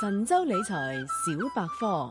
神州理財小百科。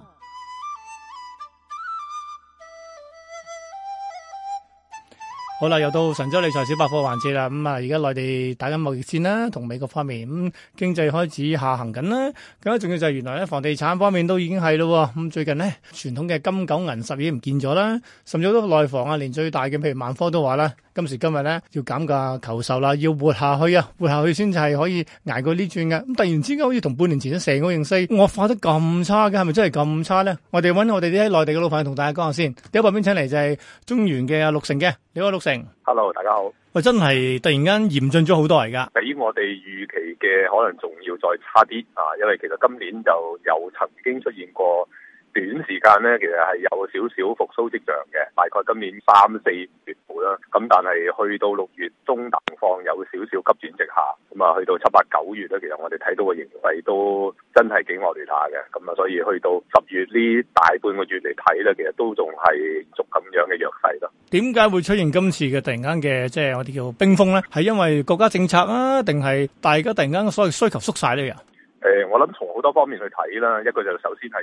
好啦，又到神州理財小百科環節啦。咁、嗯、啊，而家內地打緊貿易戰啦，同美國方面，咁、嗯、經濟開始下行緊啦。更加重要就係原來咧，房地產方面都已經係咯。咁、嗯、最近咧，傳統嘅金九銀十已經唔見咗啦，甚至都內房啊，連最大嘅譬如萬科都話啦，今時今日咧要減價求售啦，要活下去啊，活下去先至係可以捱過呢轉嘅。咁、嗯、突然之間好似同半年前成個形勢，我化得咁差嘅，係咪真係咁差咧？我哋揾我哋啲喺內地嘅老朋友同大家講下先。第一位邊請嚟就係中原嘅、啊、陸成嘅，你好，陸成。Hello，大家好。喂，真係突然間嚴峻咗好多而家，比我哋預期嘅可能仲要再差啲啊！因為其實今年就又曾經出現過短時間咧，其實係有少少復甦跡象嘅，大概今年三四月份啦。咁但係去到六月中等放有少少急轉直下，咁啊去到七八九月咧，其實我哋睇到嘅形勢都真係幾惡劣下嘅。咁啊，所以去到十月呢大半個月嚟睇咧，其實都仲係續咁樣嘅弱勢點解會出現今次嘅突然間嘅即係我哋叫冰封咧？係因為國家政策啊，定係大家突然間嘅所謂需求縮晒咧？誒、呃，我諗從好多方面去睇啦。一個就首先係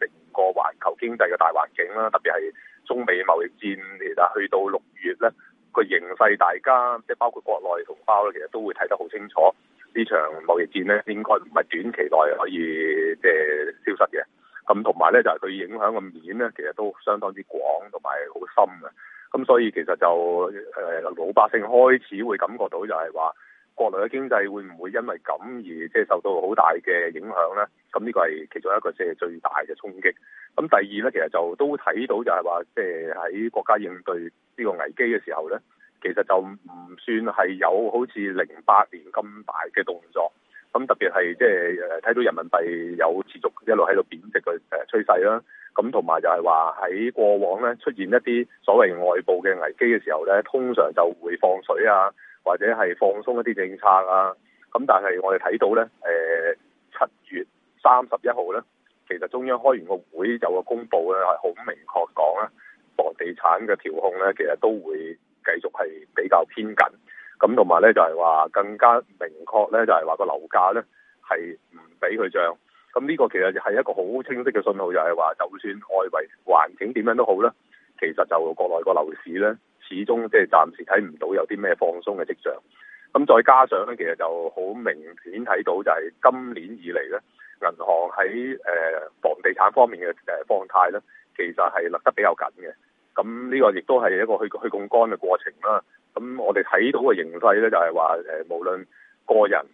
成個環球經濟嘅大環境啦，特別係中美貿易戰，其實去到六月咧，個形勢大家即係包括國內同胞咧，其實都會睇得好清楚，呢場貿易戰咧，應該唔係短期內可以即係消失嘅。咁同埋咧就係佢影響嘅面咧，其實都相當之廣同埋好深嘅。咁所以其實就誒、呃、老百姓開始會感覺到就係話國內嘅經濟會唔會因為咁而即係受到好大嘅影響呢？咁呢個係其中一個即係最大嘅衝擊。咁第二呢，其實就都睇到就係話即係喺國家應對呢個危機嘅時候呢，其實就唔算係有好似零八年咁大嘅動作。咁特別係即係誒睇到人民幣有持續一路喺度貶值嘅誒趨勢啦，咁同埋就係話喺過往呢出現一啲所謂外部嘅危機嘅時候呢，通常就會放水啊，或者係放鬆一啲政策啊，咁但係我哋睇到呢，誒、呃、七月三十一號呢，其實中央開完個會有個公佈呢，係好明確講呢房地產嘅調控呢，其實都會繼續係比較偏緊。咁同埋咧，就係話更加明確咧，就係話個樓價咧係唔俾佢漲。咁呢個其實係一個好清晰嘅信號，就係話就算外圍環境點樣都好咧，其實就國內個樓市咧，始終即係暫時睇唔到有啲咩放鬆嘅跡象。咁再加上咧，其實就好明顯睇到，就係今年以嚟咧，銀行喺房地產方面嘅誒放貸咧，其實係勒得比較緊嘅。咁呢個亦都係一個去去槓桿嘅過程啦。咁我哋睇到嘅形勢咧，就係話誒，無論個人、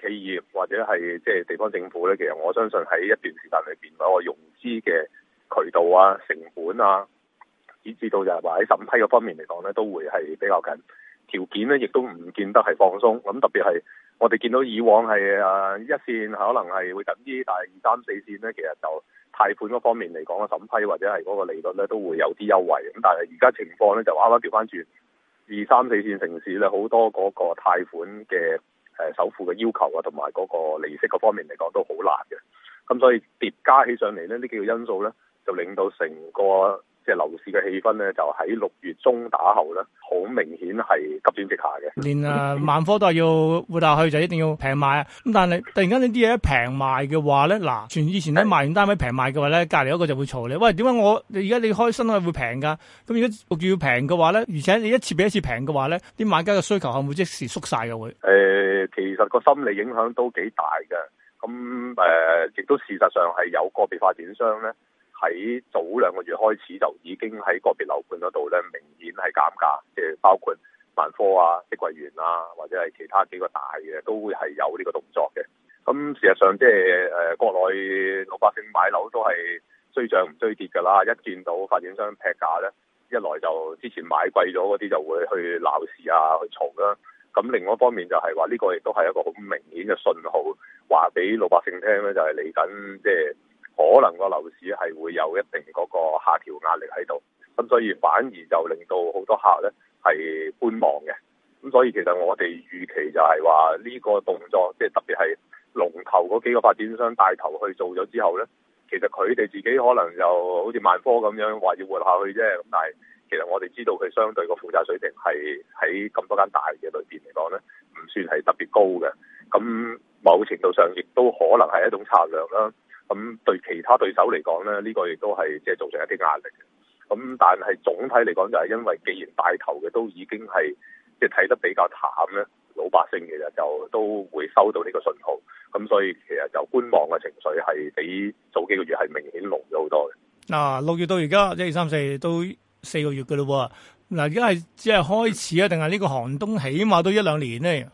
企業或者係即係地方政府咧，其實我相信喺一段時間裏面，嗰個融資嘅渠道啊、成本啊，以至到就係話喺審批嗰方面嚟講咧，都會係比較緊條件咧，亦都唔見得係放鬆。咁特別係我哋見到以往係誒一線可能係會等啲，但係二三四線咧，其實就貸款嗰方面嚟講嘅審批或者係嗰個利率咧，都會有啲優惠。咁但係而家情況咧就啱啱調翻轉。二三四線城市咧，好多嗰個貸款嘅、呃、首付嘅要求啊，同埋嗰個利息嗰方面嚟講都好難嘅，咁所以疊加起上嚟呢呢幾個因素咧，就令到成個。即係樓市嘅氣氛咧，就喺六月中打後咧，好明顯係急轉直下嘅。連誒、啊、萬科都係要活下去，就一定要平賣，啊。咁但係突然間呢啲嘢一平賣嘅話咧，嗱、啊，全以前喺賣完單位平賣嘅話咧，隔籬嗰個就會嘈你。喂，點解我而家你開新係會平噶？咁而家要平嘅話咧，而且你一次比一次平嘅話咧，啲買家嘅需求係唔會即時縮曬嘅？會、欸、誒，其實個心理影響都幾大嘅。咁誒、亦、呃、都事實上係有個別發展商咧。喺早兩個月開始就已經喺個別樓盤嗰度咧，明顯係減價，即係包括萬科啊、碧桂園啊，或者係其他幾個大嘅，都會係有呢個動作嘅。咁事實上，即係誒國內老百姓買樓都係追漲唔追跌㗎啦。一見到發展商劈價咧，一來就之前買貴咗嗰啲就會去鬧事啊，去嘈啦。咁另外一方面就係話呢個亦都係一個好明顯嘅信號，話俾老百姓聽咧，就係嚟緊即係。就係可能個樓市係會有一定嗰個下調壓力喺度，咁所以反而就令到好多客呢係觀望嘅。咁所以其實我哋預期就係話呢個動作，即係特別係龍頭嗰幾個發展商帶頭去做咗之後呢，其實佢哋自己可能就好似萬科咁樣話要活落去啫。咁但係其實我哋知道佢相對個負債水平係喺咁多間大嘅裏面嚟講呢，唔算係特別高嘅。咁某程度上亦都可能係一種策略啦。咁、嗯、對其他對手嚟講咧，呢、呢個亦都係即係造成一啲壓力。咁、嗯、但係總體嚟講，就係因為既然帶頭嘅都已經係即係睇得比較淡咧，老百姓其實就都會收到呢個信號。咁、嗯、所以其實就觀望嘅情緒係比早幾個月係明顯濃咗好多嘅。嗱、啊，六月到而家一二、二、三、四都四個月㗎喇喎。嗱、啊，而家係只係開始啊？定係呢個寒冬起碼都一兩年呢？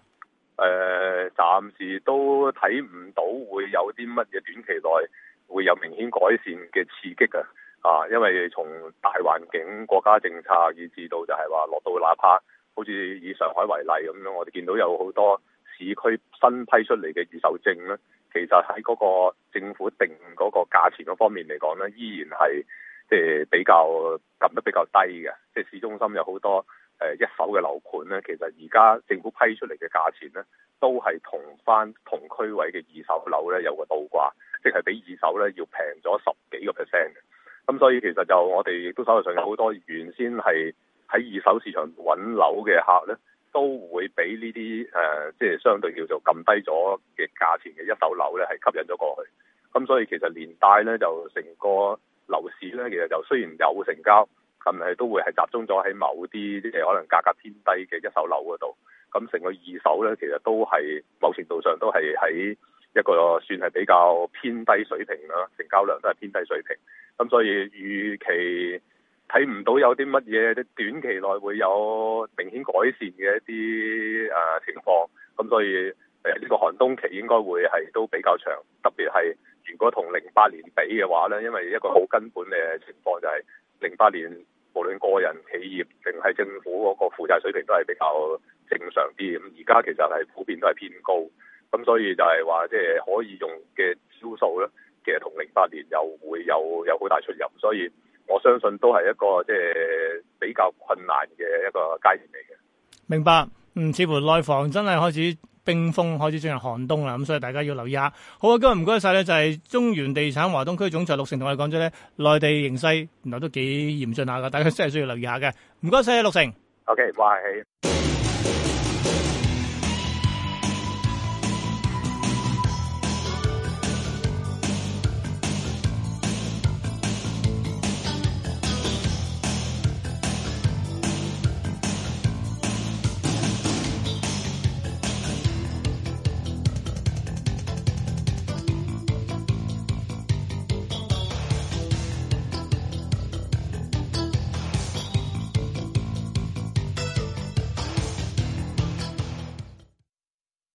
暫時都睇唔到會有啲乜嘢短期內會有明顯改善嘅刺激嘅，啊，啊，因為從大環境、國家政策以至到就係話落到，哪怕好似以上海為例咁樣，我哋見到有好多市區新批出嚟嘅預售證咧，其實喺嗰個政府定嗰個價錢嗰方面嚟講咧，依然係即係比較撳得比較低嘅，即係市中心有好多。誒一手嘅樓盤咧，其實而家政府批出嚟嘅價錢咧，都係同翻同區位嘅二手樓咧有個倒掛，即係比二手咧要平咗十幾個 percent 嘅。咁所以其實就我哋亦都手頭上有好多原先係喺二手市場揾樓嘅客咧，都會俾呢啲誒即係相對叫做撳低咗嘅價錢嘅一手樓咧係吸引咗過去。咁所以其實連帶咧就成個樓市咧，其實就雖然有成交。係咪都會係集中咗喺某啲啲可能價格,格偏低嘅一手樓嗰度，咁成個二手呢，其實都係某程度上都係喺一個算係比較偏低水平啦，成交量都係偏低水平。咁所以預期睇唔到有啲乜嘢，短期內會有明顯改善嘅一啲啊、呃、情況。咁所以呢個寒冬期應該會係都比較長，特別係如果同零八年比嘅話呢，因為一個好根本嘅情況就係、是。零八年，無論個人、企業定係政府嗰個負債水平都係比較正常啲。咁而家其實係普遍都係偏高，咁所以就係話即係可以用嘅招數咧，其實同零八年又會有有好大出入。所以我相信都係一個即係比較困難嘅一個階段嚟嘅。明白。嗯，似乎內房真係開始。冰封開始進入寒冬啦，咁所以大家要留意下。好啊，今日唔該晒咧，就係中原地產華東區總裁陸成同我哋講咗咧，內地形勢原來都幾嚴峻下㗎，大家真係需要留意下嘅。唔該晒，陸成。O K，華氣。